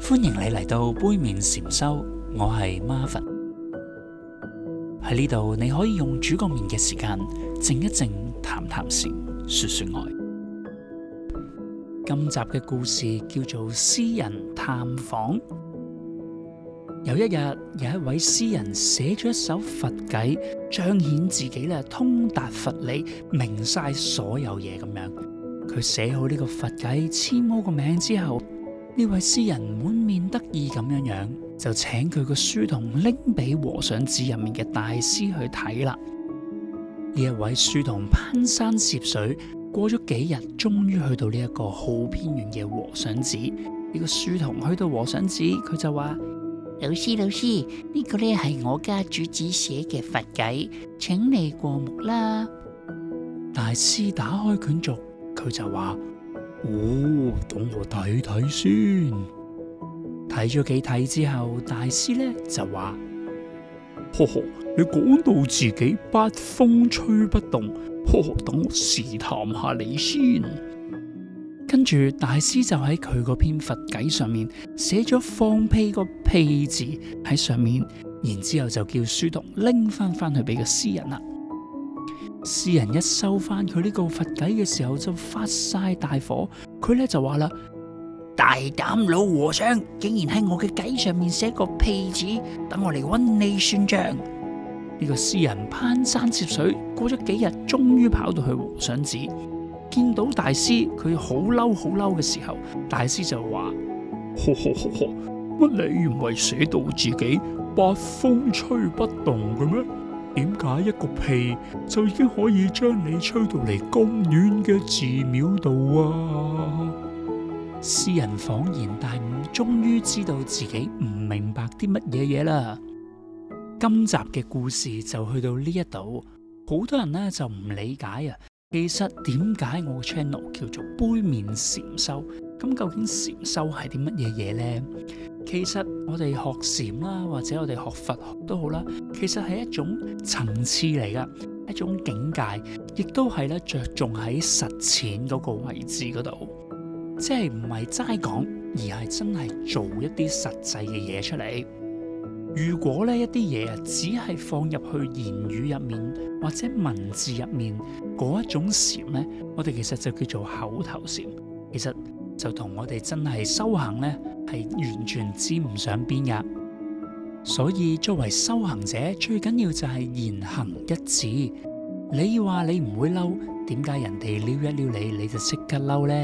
歡迎你嚟到杯麵禪修，我係 Marvin，喺呢度，你可以用煮個麵嘅時間靜一靜，談談禪，說說愛。今集嘅故事叫做詩人探訪。有一日，有一位詩人寫咗一首佛偈，彰顯自己咧通達佛理，明晒所有嘢咁樣。佢寫好呢個佛偈，簽好個名之後。呢位詩人滿面得意咁樣樣，就請佢個書童拎俾和尚寺入面嘅大師去睇啦。呢一位書童攀山涉水，過咗幾日，終於去到呢一個好偏遠嘅和尚寺。呢個書童去到和尚寺，佢就話：老師，老師，呢個呢係我家主子寫嘅佛偈，請你過目啦。大師打開卷軸，佢就話。哦，等我睇睇先。睇咗幾睇之後，大師呢就話：呵呵，你講到自己八風吹不動，呵呵，等我試探下你先。跟住大師就喺佢嗰篇佛偈上面寫咗放屁個屁字喺上面，然之後就叫書童拎翻翻去俾個詩人啦。詩人一收翻佢呢個佛偈嘅時候，就發晒大火。佢咧就話啦：大膽老和尚，竟然喺我嘅偈上面寫個屁字，等我嚟搵你算賬！呢個詩人攀山涉水，過咗幾日，終於跑到去和尚寺，見到大師，佢好嬲好嬲嘅時候，大師就話：呵呵呵呵，乜你唔係寫到自己八風吹不動嘅咩？解一個屁就已經可以將你吹到嚟咁遠嘅寺廟度啊！詩人恍然大悟，終於知道自己唔明白啲乜嘢嘢啦。今集嘅故事就去到呢一度，好多人呢就唔理解啊。其實點解我嘅 channel 叫做杯麵禪修？咁究竟禪修係啲乜嘢嘢呢？其實我哋學禪啦，或者我哋學佛學都好啦，其實係一種層次嚟噶，一種境界，亦都係咧着重喺實踐嗰個位置嗰度，即係唔係齋講，而係真係做一啲實際嘅嘢出嚟。如果呢一啲嘢只係放入去言語入面，或者文字入面嗰一種禪呢，我哋其實就叫做口頭禪。其實就同我哋真係修行呢。係完全知唔上邊噶，所以作為修行者，最緊要就係言行一致。你話你唔會嬲，點解人哋撩一撩你，你就即刻嬲呢？